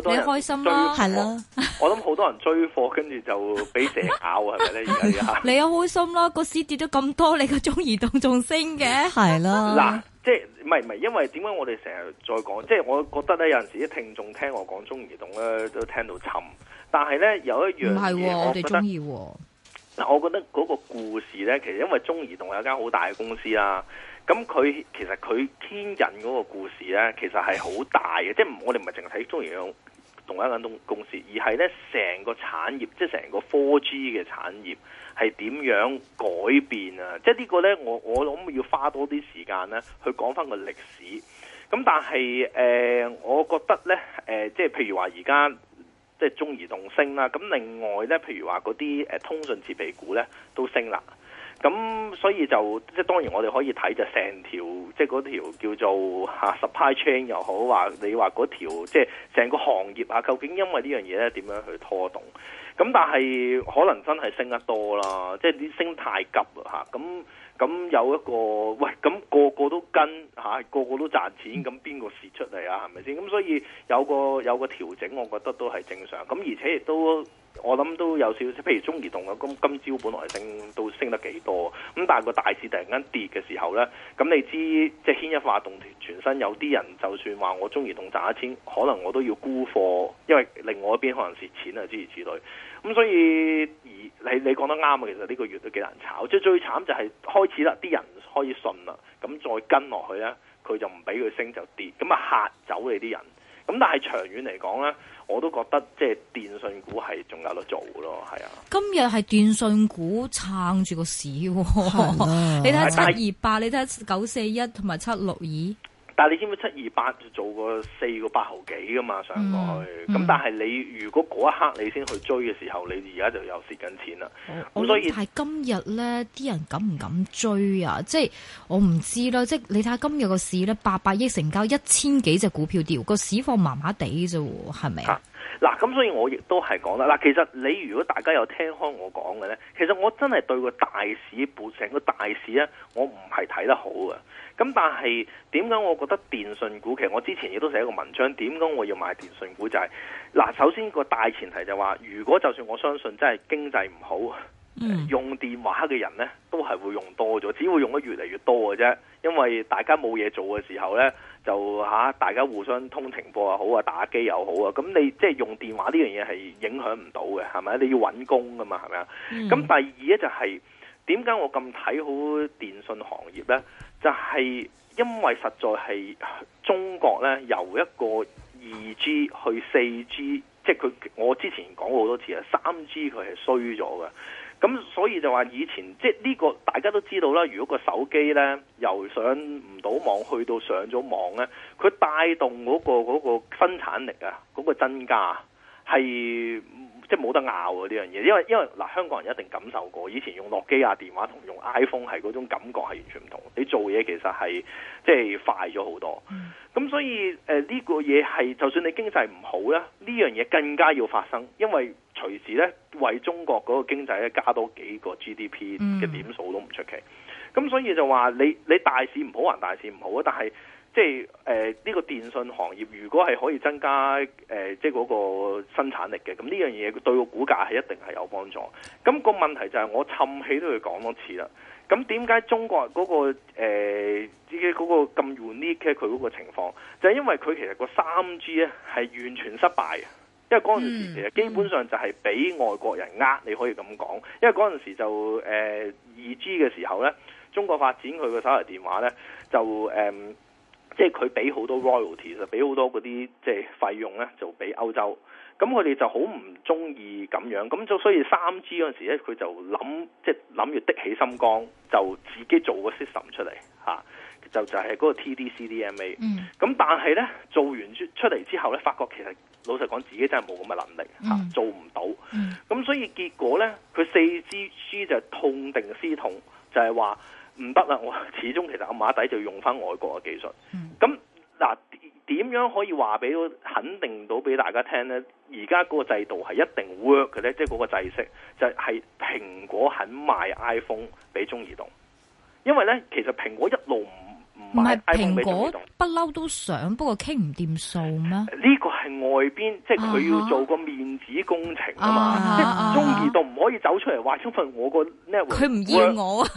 多你開心啦，係啦，我諗好多人追貨，跟住就俾蛇咬，係咪咧而家？ 你又開心啦，個市跌咗咁多，你個中移動仲升嘅，係、嗯、啦。嗱，即係唔係唔係？因為點解我哋成日再講？即係我覺得咧，有陣時啲聽眾聽我講中移動咧都聽到沉，但係咧有一樣我哋中意。嗱，我覺得嗰個故事咧，其實因為中移動係一間好大嘅公司啦。咁佢其實佢牽引嗰個故事咧，其實係好大嘅，即係我哋唔係淨係睇中移動同一間東公司，而係咧成個產業，即係成個四 G 嘅產業係點樣改變啊！即係呢個咧，我我諗要花多啲時間咧去講翻個歷史。咁但係誒、呃，我覺得咧誒、呃，即係譬如話而家即係中移動升啦，咁另外咧，譬如話嗰啲誒通訊設備股咧都升啦。咁所以就即係當然，我哋可以睇就成條即係嗰條叫做吓、啊、supply chain 又好話，你話嗰條即係成個行業啊，究竟因為呢樣嘢咧點樣去拖動？咁但係可能真係升得多啦，即係啲升太急啦吓，咁、啊、咁有一個喂，咁、那個個都跟吓、啊，個個都賺錢，咁邊個蝕出嚟啊？係咪先？咁所以有個有個調整，我覺得都係正常。咁而且亦都我諗都有少少，譬如中移動嘅今今朝本來升都升得幾多，咁但係個大市突然間跌嘅時候呢，咁你知即係牽一髮動全身，有啲人就算話我中移動賺咗錢，可能我都要沽貨，因為另外一邊可能蝕錢啊，諸如此類。咁所以而你你講得啱啊，其實呢個月都幾難炒，即係最慘就係開始啦，啲人開始信啦，咁再跟落去咧，佢就唔俾佢升就跌，咁啊嚇走你啲人。咁但係長遠嚟講咧，我都覺得即係電訊股係仲有得做咯，係啊。今日係電訊股撐住個市喎、啊啊，你睇下七二八，你睇下九四一，同埋七六二。但係你知唔知七二八就做過四個八毫幾噶嘛上過去，咁、嗯嗯、但係你如果嗰一刻你先去追嘅時候，你而家就有蝕緊錢啦。咁所以但係今日咧，啲人敢唔敢追啊？即係我唔知啦。即係你睇下今日個市咧，八百億成交，一千幾隻股票掉，個市況麻麻地啫，係咪？嗱、啊，咁所以我亦都係講啦。嗱、啊，其實你如果大家有聽開我講嘅呢，其實我真係對個大市盤成個大市呢，我唔係睇得好嘅。咁但係點解我覺得電訊股其實我之前亦都寫一個文章，點解我要買電訊股就係、是、嗱、啊，首先個大前提就話，如果就算我相信真係經濟唔好，用電話嘅人呢，都係會用多咗，只會用得越嚟越多嘅啫。因為大家冇嘢做嘅時候呢，就嚇、啊、大家互相通情報又好啊，打機又好啊，咁你即係、就是、用電話呢樣嘢係影響唔到嘅，係咪？你要揾工噶嘛，係咪啊？咁、嗯、第二呢、就是，就係點解我咁睇好電信行業呢？就係、是、因為實在係中國呢，由一個二 G 去四 G，即係佢我之前講過好多次啊，三 G 佢係衰咗嘅。咁所以就話以前即係呢個大家都知道啦。如果個手機咧由上唔到網去到上咗網咧，佢帶動嗰個嗰個生產力啊，嗰個增加係即係冇得拗啊呢樣嘢。因為因為嗱，香港人一定感受過，以前用諾基亞電話同用 iPhone 係嗰種感覺係完全唔同。你做嘢其實係即係快咗好多。咁、嗯、所以誒呢個嘢係，就算你經濟唔好咧，呢樣嘢更加要發生，因為。隨時咧為中國嗰個經濟咧加多幾個 GDP 嘅點數都唔出奇，咁所以就話你你大市唔好還大市唔好啊！但係即係誒呢個電訊行業如果係可以增加誒、呃、即係嗰個生產力嘅，咁呢樣嘢對個股價係一定係有幫助。咁、嗰個問題就係、是、我氹起都要講多次啦。咁點解中國嗰、嗰個自己嗰個咁 unique 嘅佢嗰個情況，就係、是、因為佢其實個三 G 咧係完全失敗。因為嗰陣時候其實基本上就係俾外國人呃，你可以咁講，因為嗰陣時就誒二 G 嘅時候咧，中國發展佢個手提電話咧就誒，即係佢俾好多 royalty，就俾好多嗰啲即係費用咧，就俾歐、嗯就是就是洲。咁佢哋就好唔中意咁樣，咁就所以三 G 嗰陣時咧，佢就諗即係諗住的起心肝，就自己做個 system 出嚟吓、啊，就就係嗰個 T D C D M A。嗯，咁但係咧做完出出嚟之後咧，發覺其實。老實講，自己真係冇咁嘅能力，吓、嗯啊、做唔到。咁、嗯、所以結果呢，佢四 G 就痛定思痛，就係話唔得啦。我始終其實暗底就用翻外國嘅技術。咁、嗯、嗱，點、啊、樣可以話俾肯定到俾大家聽呢？而家嗰個制度係一定 work 嘅咧，即係嗰個制式就係、是、蘋果肯賣 iPhone 俾中移動，因為呢，其實蘋果一路。唔係蘋果不嬲都想，不過傾唔掂數咩？呢個係外邊，即係佢要做個面子工程啊嘛，啊啊啊啊啊啊啊啊即係中意到唔可以走出嚟話出份我個 network？佢唔要我啊，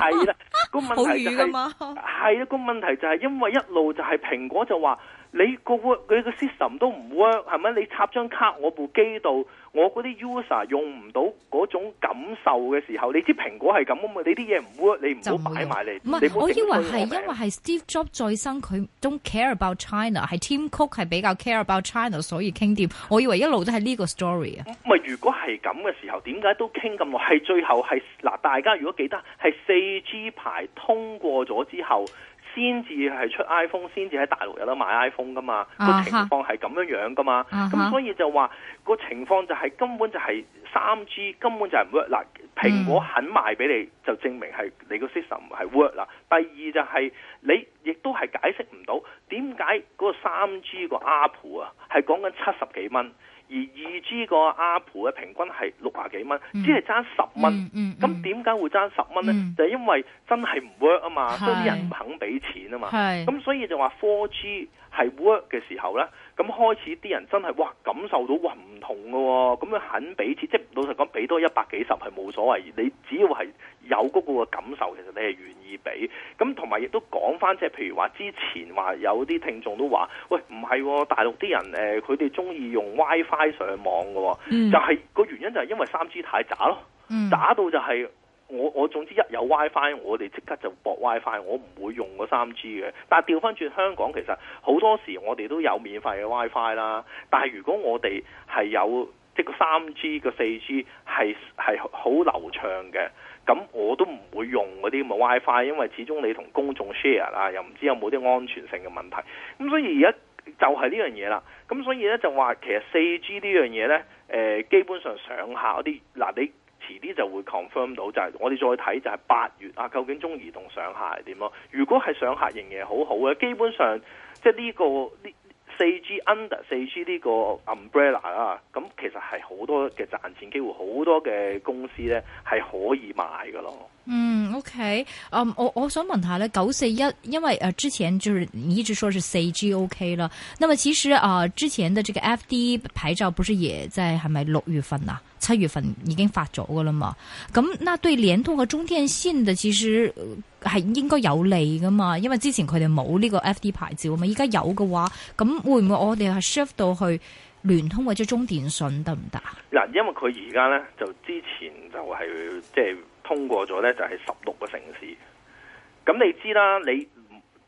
係、那、啦個問題就係係啦個問題就係因為一路就係蘋果就話。你個 work 佢個 system 都唔 work 係咪？你插張卡我部機度，我嗰啲 user 用唔到嗰種感受嘅時候，你知蘋果係咁啊嘛？你啲嘢唔 work，你唔好擺埋嚟。唔係，我以為係因為係 Steve Jobs 在生佢 don't care about China，係 Tim Cook 係比較 care about China，所以傾掂。我以為一路都係呢個 story 啊。唔係，如果係咁嘅時候，點解都傾咁耐？係最後係嗱，大家如果記得係四 G 牌通過咗之後。先至係出 iPhone，先至喺大陸有得買 iPhone 噶嘛？個、uh -huh. 情況係咁樣樣噶嘛？咁、uh -huh. 所以就話、那個情況就係、是、根本就係三 G 根本就係唔 work。嗱，蘋果肯賣俾你，就證明係你個 system 係 work 啦。第二就係、是、你亦都係解釋唔到點解嗰個三 G 個 Apple 啊，係講緊七十幾蚊。呢個阿婆嘅平均係六廿幾蚊，只係爭十蚊，咁點解會爭十蚊咧？就係因為真係唔 work 啊嘛，所以啲人唔肯俾錢啊嘛，咁所以就話 4G 係 work 嘅時候咧，咁開始啲人真係哇感受到哇唔同嘅喎，咁樣肯俾錢，即係老實講，俾多一百幾十係冇所謂，你只要係有嗰個感受，其實你係願。咁同埋亦都講翻，即係譬如話之前話有啲聽眾都話，喂唔係、哦、大陸啲人，誒佢哋中意用 WiFi 上網嘅，就係、是、個原因就係因為三 G 太渣咯，渣到就係、是、我我總之一有 WiFi，我哋即刻就駁 WiFi，我唔會用個三 G 嘅。但係調翻轉香港，其實好多時我哋都有免費嘅 WiFi 啦，但係如果我哋係有即個三 G 個四 G 係係好流暢嘅。咁我都唔會用嗰啲咪 WiFi，因為始終你同公眾 share 啦，又唔知有冇啲安全性嘅問題。咁所以而家就係呢樣嘢啦。咁所以咧就話其實四 G 呢樣嘢咧，誒基本上上客嗰啲，嗱你遲啲就會 confirm 到就係、是、我哋再睇就係八月啊，究竟中移動上客係點咯？如果係上客型嘢好好嘅，基本上即係呢個。四 G under 四 G 呢個 umbrella 啊，咁其實係好多嘅賺錢機會，好多嘅公司咧係可以買噶咯。嗯，OK，啊、um，我我想問下咧，九四一，因為誒、呃、之前就係你一直說是四 G OK 啦，那麼其實啊、呃，之前的這個 FD 牌照不是也在係咪六月份啊？七月份已經發咗㗎啦嘛，咁那對聯通嘅中電信嘅其實係應該有利㗎嘛，因為之前佢哋冇呢個 F D 牌照啊嘛，依家有嘅話，咁會唔會我哋係 shift 到去聯通或者中電信得唔得啊？嗱，因為佢而家咧就之前就係即係通過咗咧，就係十六個城市。咁你知啦，你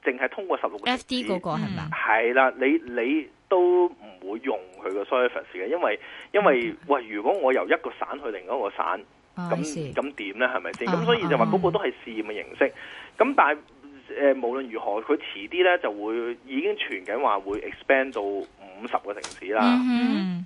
淨係通過十六個 F D 嗰個係咪？係啦，你你都。會用佢個 service 嘅，因為因為、okay. 喂，如果我由一個省去另一個省，咁咁點咧？係咪先？咁、uh, 所以就話嗰個都係試驗嘅形式。咁、uh, uh, 但係誒、呃，無論如何，佢遲啲咧就會已經傳緊話會 expand 到五十個城市啦。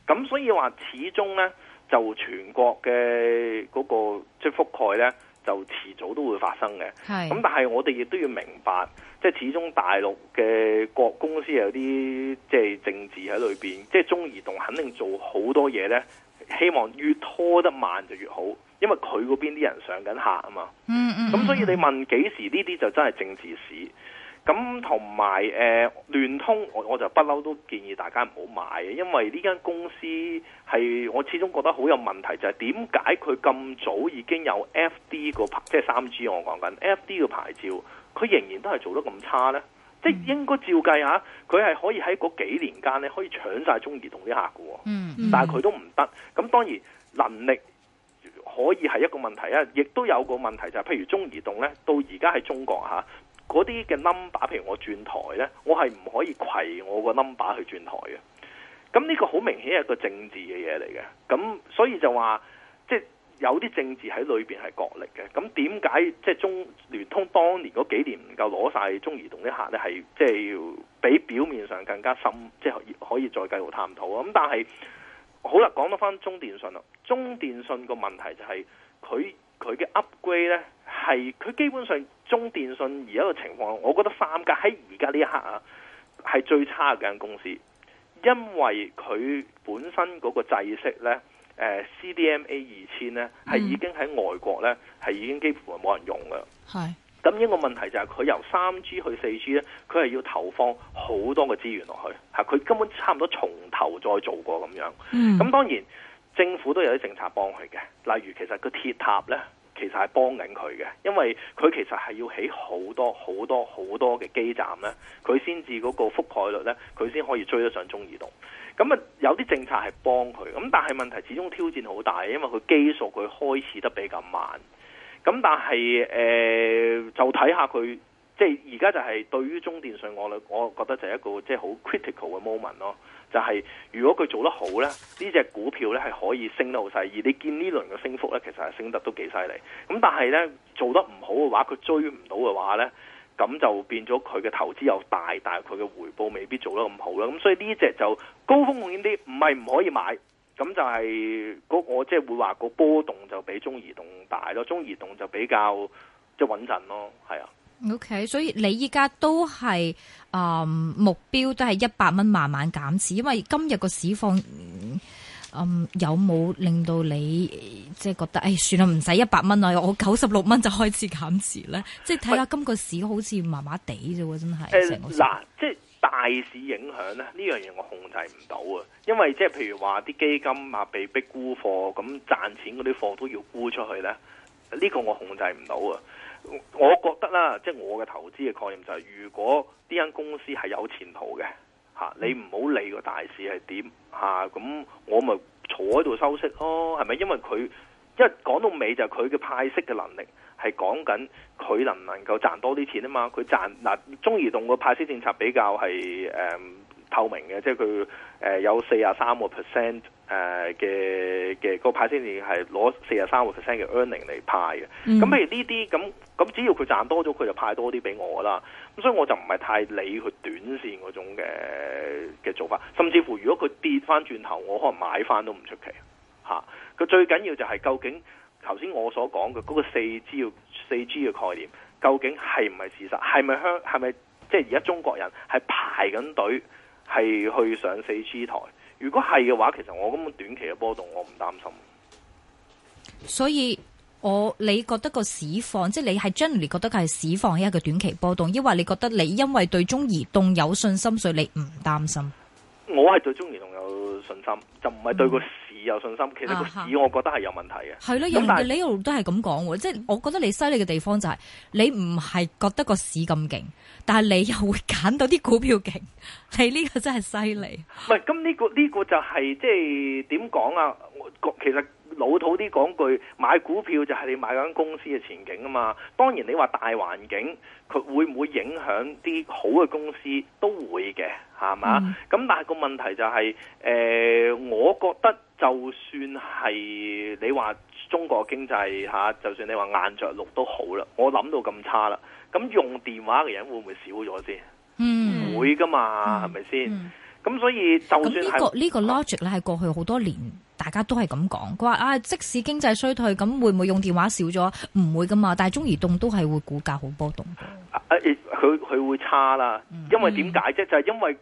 咁、uh, 所以話始終咧，就全國嘅嗰、那個即、就是、覆蓋咧。就遲早都會發生嘅，咁但係我哋亦都要明白，即係始終大陸嘅國公司有啲即係政治喺裏面，即係中移動肯定做好多嘢呢，希望越拖得慢就越好，因為佢嗰邊啲人上緊客啊嘛，咁、嗯嗯嗯、所以你問幾時呢啲就真係政治史。咁同埋誒聯通，我我就不嬲都建議大家唔好買嘅，因為呢間公司係我始終覺得好有問題，就係點解佢咁早已經有 F D 個牌，即係三 G 我講緊 F D 個牌照，佢仍然都係做得咁差呢？嗯、即係應該照計下，佢係可以喺嗰幾年間呢可以搶晒中移動啲客喎。但係佢都唔得。咁當然能力可以係一個問題啊，亦都有個問題就係，譬如中移動呢，到而家喺中國嚇。嗰啲嘅 number，譬如我轉台呢，我係唔可以攜我個 number 去轉台嘅。咁呢個好明顯係一個政治嘅嘢嚟嘅。咁所以就話，即係有啲政治喺裏邊係角力嘅。咁點解即係中聯通當年嗰幾年唔夠攞晒中移動呢下呢？係即係要比表面上更加深，即係可以再繼續探討啊。咁但係好啦，講到翻中電信啦。中電信個問題就係佢佢嘅 upgrade 呢，係佢基本上。中電信而家個情況，我覺得三格喺而家呢一刻啊，係最差嘅間公司，因為佢本身嗰個制式呢，誒 CDMA 二千呢，係、呃、已經喺外國呢，係已經幾乎係冇人用嘅。係、嗯。咁呢個問題就係、是、佢由三 G 去四 G 呢，佢係要投放好多嘅資源落去，嚇佢根本差唔多從頭再做過咁樣。咁、嗯、當然政府都有啲政策幫佢嘅，例如其實個鐵塔呢。其實係幫緊佢嘅，因為佢其實係要起好多好多好多嘅基站咧，佢先至嗰個覆蓋率咧，佢先可以追得上中移動。咁啊，有啲政策係幫佢，咁但係問題始終挑戰好大，因為佢基數佢開始得比較慢。咁但係誒、呃，就睇下佢。即係而家就係對於中電信我我覺得就係一個即係好 critical 嘅 moment 咯，就係、是、如果佢做得好呢，呢隻股票呢係可以升得好細。而你見呢輪嘅升幅呢，其實係升得都幾犀利。咁但係呢，做得唔好嘅話，佢追唔到嘅話呢，咁就變咗佢嘅投資又大，但係佢嘅回報未必做得咁好啦。咁所以呢隻就高風險啲，唔係唔可以買。咁就係、嗰、我即係會話個波動就比中移動大咯，中移動就比較即係穩陣咯，係啊。O、okay, K，所以你依家都係誒、嗯、目標都係一百蚊慢慢減持，因為今日個市況誒、嗯嗯、有冇令到你、嗯、即係覺得誒、哎、算啦，唔使一百蚊啦，我九十六蚊就開始減持咧，即係睇下今個市好似麻麻地啫，真係嗱、欸，即係大市影響咧呢樣嘢我控制唔到啊，因為即係譬如話啲基金啊被逼沽貨，咁賺錢嗰啲貨都要沽出去咧。呢、這個我控制唔到啊！我覺得啦，即係我嘅投資嘅概念就係，是，如果呢間公司係有前途嘅嚇，你唔好理個大市係點嚇，咁我咪坐喺度收息咯，係咪？因為佢因為講到尾就係佢嘅派息嘅能力係講緊佢能唔能夠賺多啲錢啊嘛！佢賺，嗱，中移動個派息政策比較係誒，呃，透明嘅，即係佢誒有四啊三個 percent。誒嘅嘅個派先係攞四十三個 percent 嘅 earning 嚟派嘅，咁、嗯、譬如呢啲咁咁，只要佢賺多咗，佢就派多啲俾我啦。咁所以我就唔係太理佢短線嗰種嘅嘅做法，甚至乎如果佢跌翻轉頭，我可能買翻都唔出奇吓。佢、啊、最緊要就係究竟頭先我所講嘅嗰個四 G 嘅四 G 嘅概念，究竟係唔係事實？係咪香？係咪即係而家中國人係排緊隊係去上四 G 台？如果係嘅話，其實我根本短期嘅波動我唔擔心。所以，我你覺得個市況，即係你係 generally 覺得佢係市況一個短期波動，抑或你覺得你因為對中移動有信心，所以你唔擔心？我係對中移動有信心，就唔係對個、嗯。而有信心，其實個市我覺得係有問題嘅。係、啊、咯，咁但係你一路都係咁講，即係我覺得你犀利嘅地方就係、是、你唔係覺得個市咁勁，但係你又會揀到啲股票勁，係呢個真係犀利。唔係、這個，咁呢個呢個就係、是、即係點講啊？我覺其實老土啲講句，買股票就係你買間公司嘅前景啊嘛。當然你話大環境佢會唔會影響啲好嘅公司都會嘅，係嘛？咁、嗯、但係個問題就係、是、誒、呃、我覺得。就算係你話中國經濟吓、啊，就算你話硬着陸都好啦，我諗到咁差啦，咁用電話嘅人會唔會少咗先？嗯，唔會噶嘛，係咪先？咁、嗯、所以就算呢、這個呢、這個 logic 咧，係過去好多年大家都係咁講，佢、啊、話啊，即使經濟衰退，咁會唔會用電話少咗？唔會噶嘛，但係中移動都係會股價好波動。佢、嗯、佢、嗯、會差啦，因為點解啫？就係、是、因為。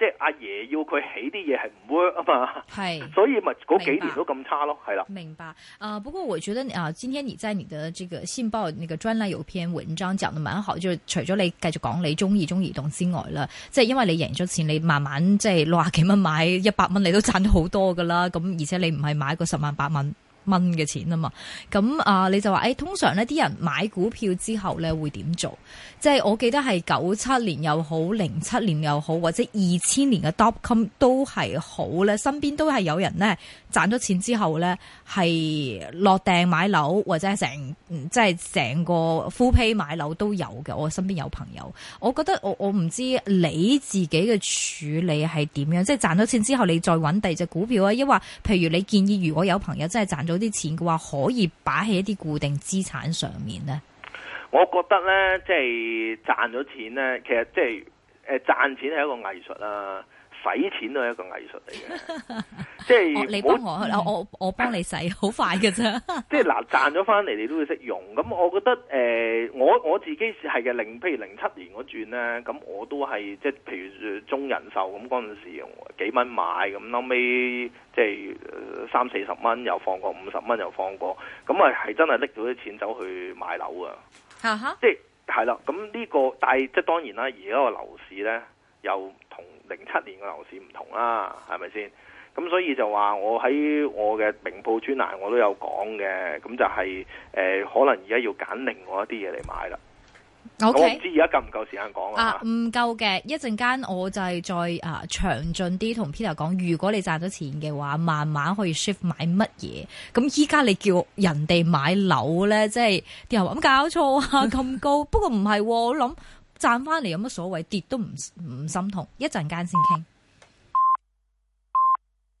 即係阿爺要佢起啲嘢係唔 work 啊嘛，係，所以咪嗰幾年都咁差咯，係啦。明白啊、呃，不過我覺得啊、呃，今天你在你的這個信報那個專欄有篇文章講得蠻好，就除咗你繼續講你中意中移動之外啦，即係因為你贏咗錢，你慢慢即係六啊幾蚊買一百蚊，你都賺咗好多噶啦，咁而且你唔係買個十萬八蚊。蚊嘅錢啊嘛，咁啊你就話誒、哎，通常呢啲人買股票之後呢會點做？即係我記得係九七年又好，零七年又好，或者二千年嘅 dotcom 都係好呢，身邊都係有人呢，賺咗錢之後呢，係落訂買樓，或者係成即係成個 full pay 買樓都有嘅。我身邊有朋友，我覺得我我唔知你自己嘅處理係點樣，即係賺咗錢之後你再揾第二隻股票啊，抑或譬如你建議如果有朋友真係賺咗。啲錢嘅話，可以擺喺一啲固定資產上面咧。我覺得咧，即係賺咗錢咧，其實即係誒，賺錢係一個藝術啦。使錢都係一個藝術嚟嘅，即 係你幫我，嗯、我，我我幫你使，好快嘅啫。即係嗱，賺咗翻嚟你都會識用。咁我覺得，誒、呃，我我自己係嘅零，譬如零七年我轉咧，咁我都係即係，譬如中人壽咁嗰陣時，用幾蚊買，咁後尾，即係三四十蚊又放過，五十蚊又放過，咁啊係真係拎到啲錢走去買樓啊！即係係啦，咁呢、這個，但係即係當然啦，而家個樓市咧。又07同零七年嘅樓市唔同啦，係咪先？咁所以就話我喺我嘅明報專欄我都有講嘅，咁就係、是、誒、呃、可能而家要揀另外一啲嘢嚟買啦。O、okay, K，我唔知而家夠唔夠時間講啊？唔夠嘅，一陣間我就係再啊詳盡啲同 Peter 講。如果你賺咗錢嘅話，慢慢可以 shift 買乜嘢。咁依家你叫人哋買樓咧，即係啲人話咁搞錯啊，咁高。 不過唔係、啊，我諗。賺翻嚟有乜所謂？跌都唔唔心痛，一陣間先傾。